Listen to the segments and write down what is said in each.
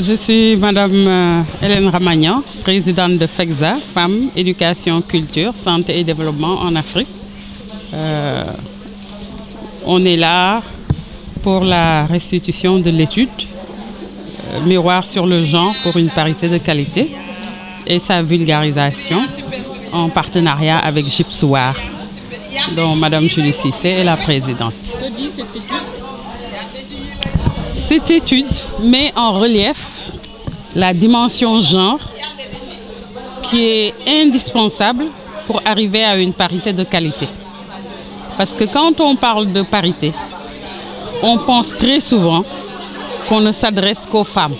Je suis Madame euh, Hélène Ramagnan, présidente de FEXA, femme Éducation, Culture, Santé et Développement en Afrique. Euh, on est là pour la restitution de l'étude euh, Miroir sur le genre pour une parité de qualité et sa vulgarisation en partenariat avec Gypsoir, dont Madame Julie Cissé est la présidente. Cette étude met en relief la dimension genre qui est indispensable pour arriver à une parité de qualité. Parce que quand on parle de parité, on pense très souvent qu'on ne s'adresse qu'aux femmes.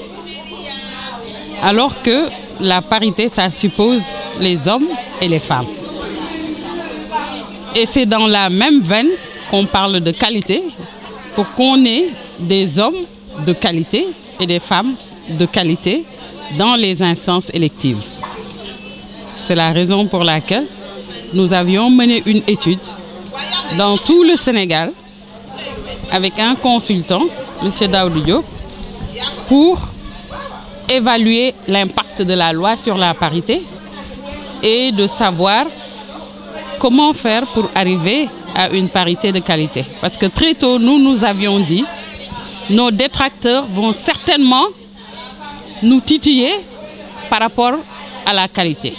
Alors que la parité, ça suppose les hommes et les femmes. Et c'est dans la même veine qu'on parle de qualité pour qu'on ait des hommes de qualité et des femmes de qualité dans les instances électives. C'est la raison pour laquelle nous avions mené une étude dans tout le Sénégal avec un consultant, M. Daoudou Diop, pour évaluer l'impact de la loi sur la parité et de savoir comment faire pour arriver à une parité de qualité. Parce que très tôt, nous nous avions dit nos détracteurs vont certainement nous titiller par rapport à la qualité.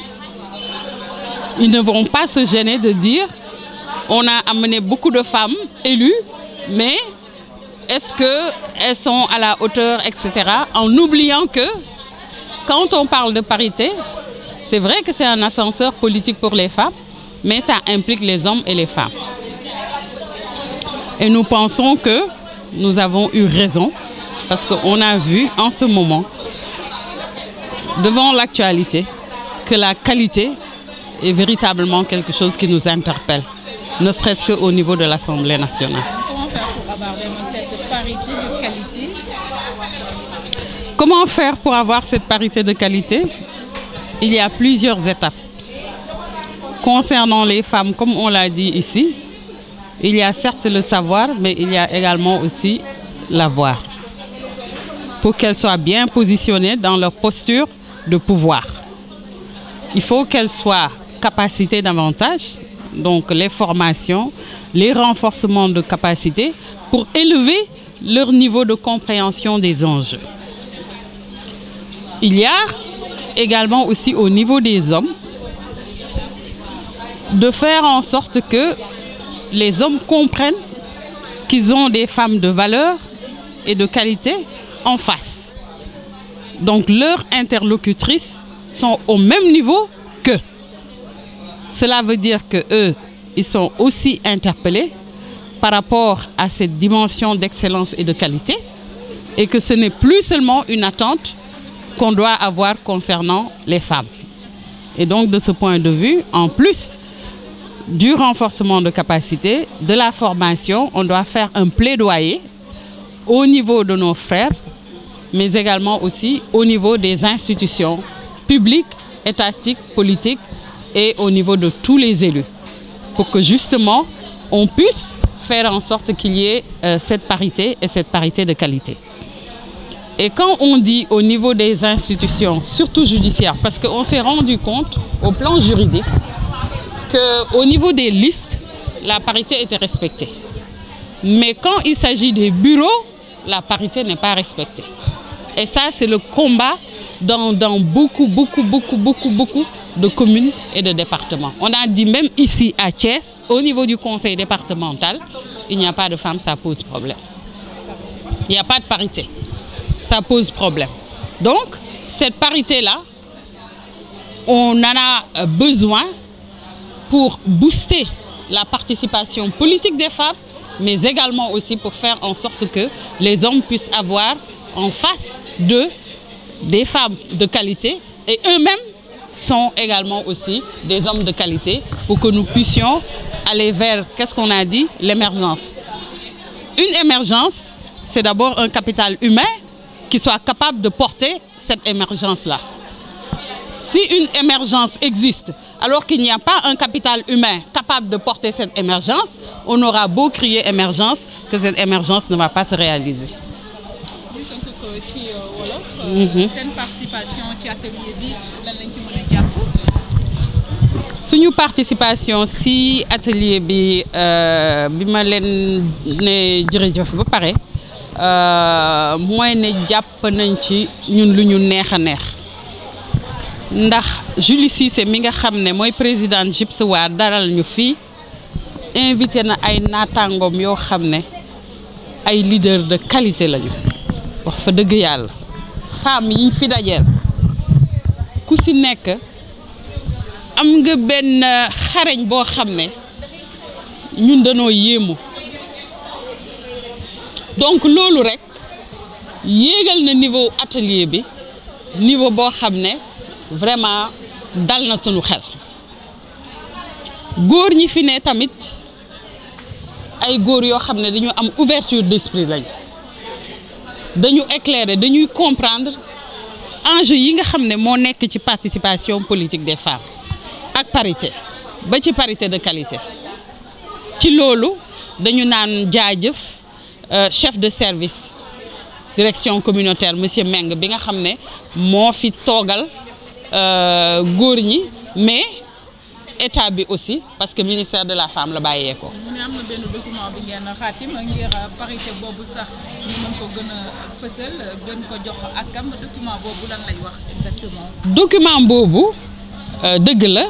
Ils ne vont pas se gêner de dire on a amené beaucoup de femmes élues, mais est-ce qu'elles sont à la hauteur, etc. En oubliant que quand on parle de parité, c'est vrai que c'est un ascenseur politique pour les femmes, mais ça implique les hommes et les femmes. Et nous pensons que nous avons eu raison parce qu'on a vu en ce moment, devant l'actualité, que la qualité est véritablement quelque chose qui nous interpelle, ne serait-ce qu'au niveau de l'Assemblée nationale. Comment faire pour avoir cette de qualité Comment faire pour avoir cette parité de qualité Il y a plusieurs étapes. Concernant les femmes, comme on l'a dit ici, Il y a certes le savoir, mais il y a également aussi la voix. Pour qu'elles soient bien positionnées dans leur posture de pouvoir, il faut qu'elles soient capacitées davantage, donc les formations, les renforcements de capacité pour élever leur niveau de compréhension des enjeux. Il y a également aussi au niveau des hommes de faire en sorte les hommes comprennent qu'ils ont des femmes de valeur et de qualité en face. Donc leurs interlocutrices sont au même niveau qu'eux. Cela veut dire qu'eux, ils sont aussi interpellés par rapport à cette dimension d'excellence et de qualité et que ce n'est plus seulement une attente qu'on doit avoir concernant les femmes. Et donc de ce point de vue, en plus, du renforcement de capacité, de la formation. On doit faire un plaidoyer au niveau de nos frères, mais également aussi au niveau des institutions publiques, étatiques, politiques et au niveau de tous les élus, pour que justement on puisse faire en sorte qu'il y ait euh, cette parité et cette parité de qualité. Et quand on dit au niveau des institutions, surtout judiciaires, parce qu'on s'est rendu compte au plan juridique, qu'au niveau des listes, la parité était respectée. Mais quand il s'agit des bureaux, la parité n'est pas respectée. Et ça, c'est le combat dans, dans, beaucoup, beaucoup, beaucoup, beaucoup, beaucoup de communes et de départements. On a dit même ici à Thiès, au niveau du conseil départemental, il n'y a pas de femmes, ça pose problème. Il n'y a pas de parité. Ça pose problème. Donc, cette parité-là, on en a euh, besoin pour booster la participation politique des femmes, mais également aussi pour faire en sorte que les hommes puissent avoir en face de des femmes de qualité et eux-mêmes sont également aussi des hommes de qualité pour que nous puissions aller vers, qu'est-ce qu'on a dit, l'émergence. Une émergence, c'est d'abord un capital humain qui soit capable de porter cette émergence-là. Si une émergence existe, alors qu'il n'y a pas un capital humain capable de porter cette émergence, on aura beau crier émergence, que cette émergence ne va pas se réaliser. Mm-hmm. seen participation ci atelier bi lan lañ ci mën a suñu participation si atelier bi euh, bi ma leen ne jërëjëf ba pare euh, mooy ne jàpp nañ ci ñun lu ñu neex a neex. ndax Julie Cissé mi nga xam ne mooy président Gips waa daral ñu fii invité na ay naataangoom yoo xam ne ay leader de qualité lañu wax fa dëgg yàlla femmes yiñ fi dajeel ku si nekk am nga benn xareñ boo xam ne ñun danoo yéemu donc loolu rek yéegal na niveau atelier bi niveau boo xam ne vraiment dal na suñu xel góor ñi fi ne tamit ay góor yoo xam ne dañu am ouverture d'esprit lañu dañu éclairer dañuy comprendre enjeu yi nga xam ne moo nekk ci participation politique des femmes ak parité ba ci parité de qualité ci loolu dañu naan jaajëf euh, chef de service direction communautaire monsieur Meng bi nga xam ne moo fi toogal Euh, góor ñi mais état bi aussi parce que ministère de la femme la bàyyee ko. mu ne am na benn document bi ngeen xaatim ngir parité boobu sax ñu jox akam boobu lan lay wax exactement. document boobu euh, dëgg la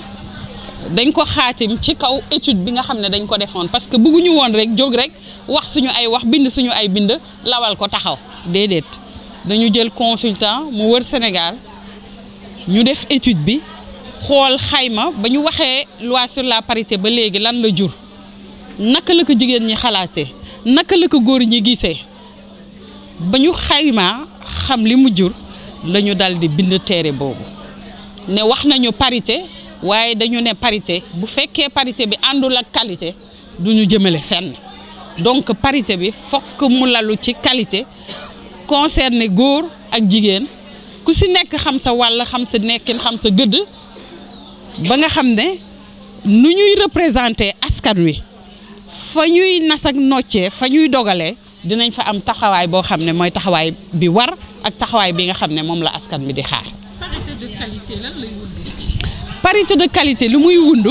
dañ ko xaatim ci kaw étude bi nga xam ne dañ ko defoon parce que bëgguñu woon rek jóg rek wax suñu ay wax bind suñu ay bind lawal ko taxaw déedéet dañu jël consultant mu wër Sénégal. ñu def étude bi xool xayma ba ñu waxee loi la parité ba léegi lan la jur naka la ko jigéen ñi xalaate naka la ko góor ñi gisee ba ñu xaymaa xam li mu jur lañu ñu dal di bind téere boobu ne wax nañu parité waaye dañu ne parité bu fekkee parité bi àndul ak qualité du ñu jëmale fenn donc parité bi fokk mu lalu ci qualité concerne góor ak jigéen ku si nekk xam sa wàll xam sa nekkin xam sa gëdd ba nga xam ne nu ñuy représenter askan wi fa ñuy nas ak noccee fa ñuy dogalee dinañ fa am taxawaay boo xam ne mooy taxawaay bi war ak taxawaay bi nga xam ne moom la askan bi di xaar. parité de qualité lan lu muy wund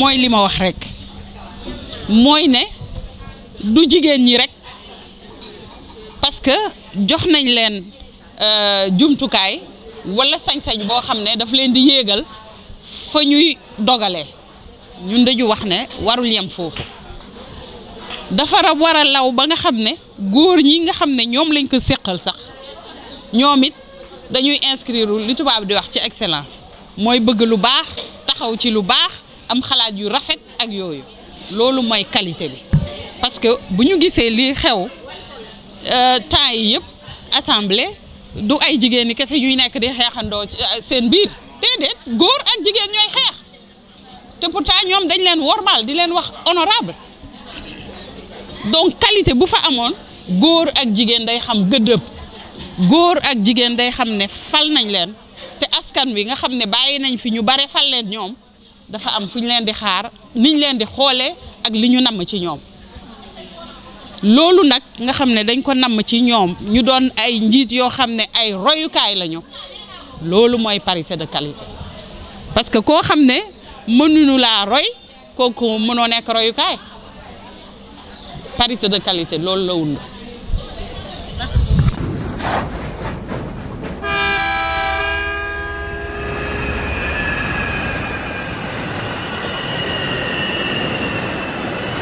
mooy li ma wax rek mooy ne du jigéen ñi rek parce que jox nañ leen. Euh, jumtukaay wala sañsañ boo xam ne daf leen di yéegal fa ñuy dogalee ñun dañu wax ne warul yam foofu dafa war a law ba nga xam ne góor ñi nga xam ne ñoom lañ ko séqal sax ñoom it dañuy inscrire li tubaab di wax ci excellence mooy bëgg lu baax taxaw ci lu baax am xalaat yu rafet ak yooyu loolu mooy qualité bi parce que bu ñu gisee lii xew euh, temps yi yëpp assemblée du ay jigéen ñi kese yuy nekk di xeexandoo eh, seen biir déedéet góor ak jigéen ñooy xeex te pourtant ñoom dañ leen wormaal di leen wax honorable donc qualité bu fa amoon góor ak jigéen day xam gëddëb góor ak jigéen day xam ne fal nañ leen te askan wi nga xam ne bàyyi nañ fi ñu bare fal leen ñoom dafa am fu ñu leen di xaar niñ leen di xoolee ak li ñu namm ci ñoom loolu nag nga xam ne dañ ko namm ci ñoom ñu doon ay njiit yoo xam ne ay royukaay lañu loolu mooy parité de qualité parce que koo xam ne mënuñu laa roy kooku mënoo nekk royukaay parité de qualité loolu la wund